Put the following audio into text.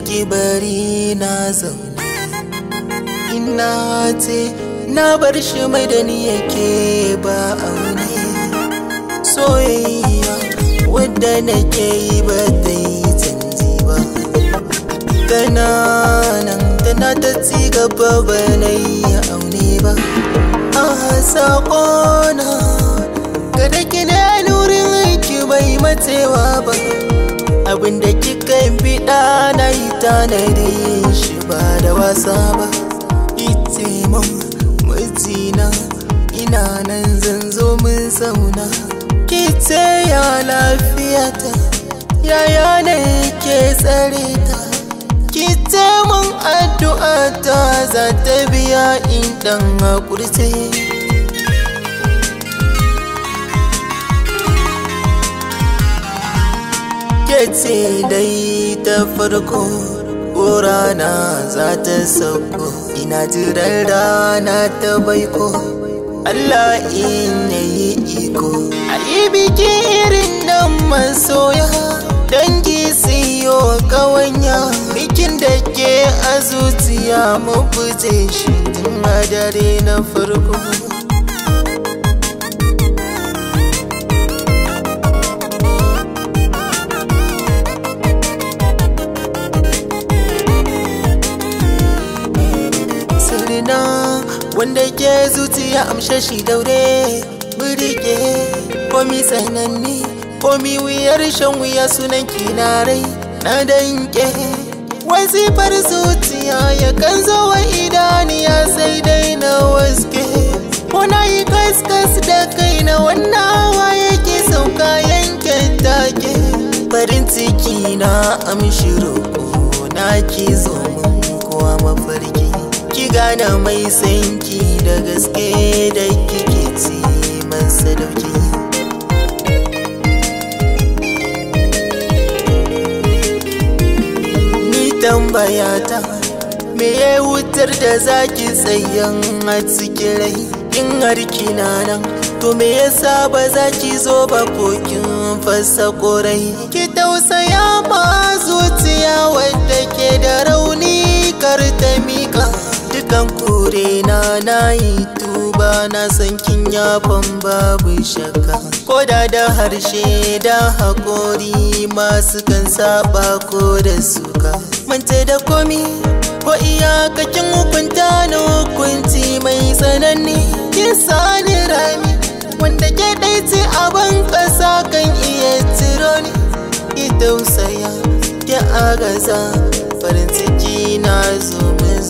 ki bari na zaune ina ce na bar shi mai da ni yake ba aune soyayya wadda nake yi ba ta yi canji ba tana nan tana ta ci gaba ba na yi aune ba a sakona tanadi shi ba da wasa ba ite mun mutina ina nan zan zo mun zauna kice ya lafiyata yaya ne ke tsare ta mun addu'a ta za ta biya in dan hakurce ce dai ta farko ko za ta sauko ina jiran rana ta baiko Allah in yi iko a yi biki irin nan masoya dangi siyo kawanya bikin da ke a zuciya mu shi tun madare na farko wanda ke zuciya amshe shi daure birge komi tsananni komi wuyar shan wuya sunan kinarai na danke wasifar zuciya ya kan zo wa idaniya sai dai na waske muna yi kaskas da kai na wannan hawa yake sauka yankin take farin ciki na amshi roƙo na ki zo mun kowa mafarki ki gane mai sanki da gaske da kike ci masa sadauki ni tambaya ta me ya wutar da zaki tsayan a cikin rai in har na nan to me yasa ba zaki zo ba kokin kin fasa korai ki tausaya na yi tuba na san kin yafan babu shakka koda da harshe da haƙori masu kan saba ko da suka mance da komi ko iyakakin hukunta na hukunci mai tsanani kin sani rami wanda ke ɗaici a ban ƙasa kan iya tiro ni ki tausaya ki agaza farin ciki na zo